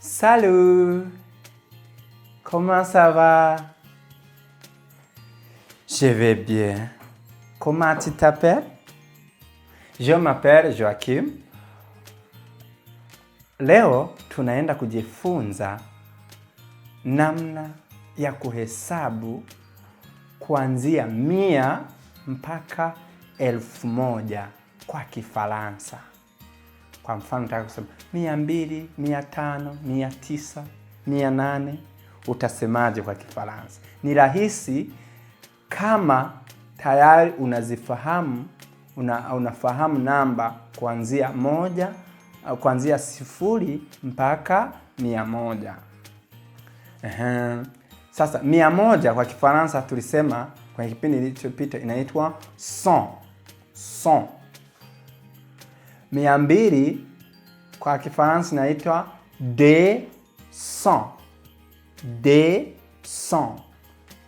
Salut Comment ça va Je vais bien. Comment tu t'appelles Je m'appelle Joachim. Leo tunaenda kujifunza namna ya kuhesabu kuanzia mia mpaka elfu moja kwa Kifaransa. Kwa mfano nataka kusema mia mbili, mia tano, mia tisa, mia nane, utasemaje kwa Kifaransa? Ni rahisi kama tayari unazifahamu una, unafahamu namba kuanzia moja kuanzia sifuri mpaka mia moja. Uhum. Sasa mia moja kwa Kifaransa tulisema kwenye kipindi kilichopita inaitwa s Cent mia mbili kwa Kifaransa inaitwa de son de son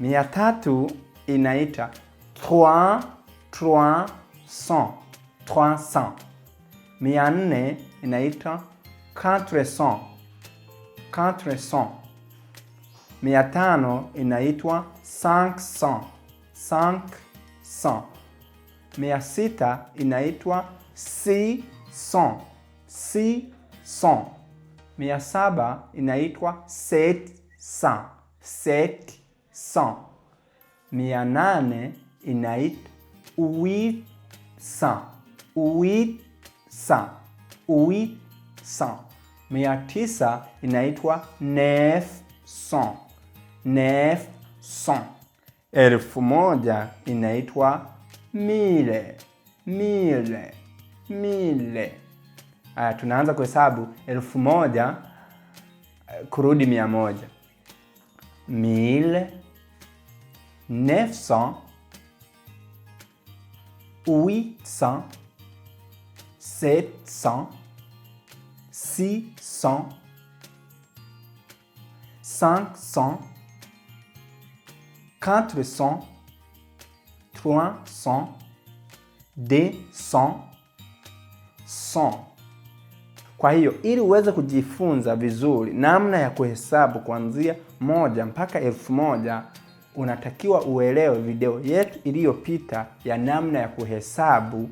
Mia tatu inaitwa trois trois son Trois son Mia nne inaitwa quatre son Quatre son Mia tano inaitwa cinq son Cinq son Mia sita inaitwa 600. 600. Mia saba inaitwa 700. 700. Mia nane inaitwa 800. 800. 800. Mia tisa inaitwa 900. 900. Elfu moja inaitwa mile. Mile. mille. ça tunaanza kuhesabu elfu moja kurudi mia moja. Mille, neuf cent, huit cent, sept cent, six cent, cinq cent, quatre cent, trois cent, deux cent, son. Kwa hiyo ili uweze kujifunza vizuri namna ya kuhesabu kuanzia moja mpaka elfu moja unatakiwa uelewe video yetu iliyopita ya namna ya kuhesabu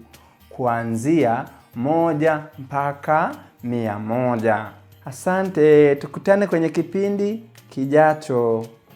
kuanzia moja mpaka mia moja. Asante, tukutane kwenye kipindi kijacho.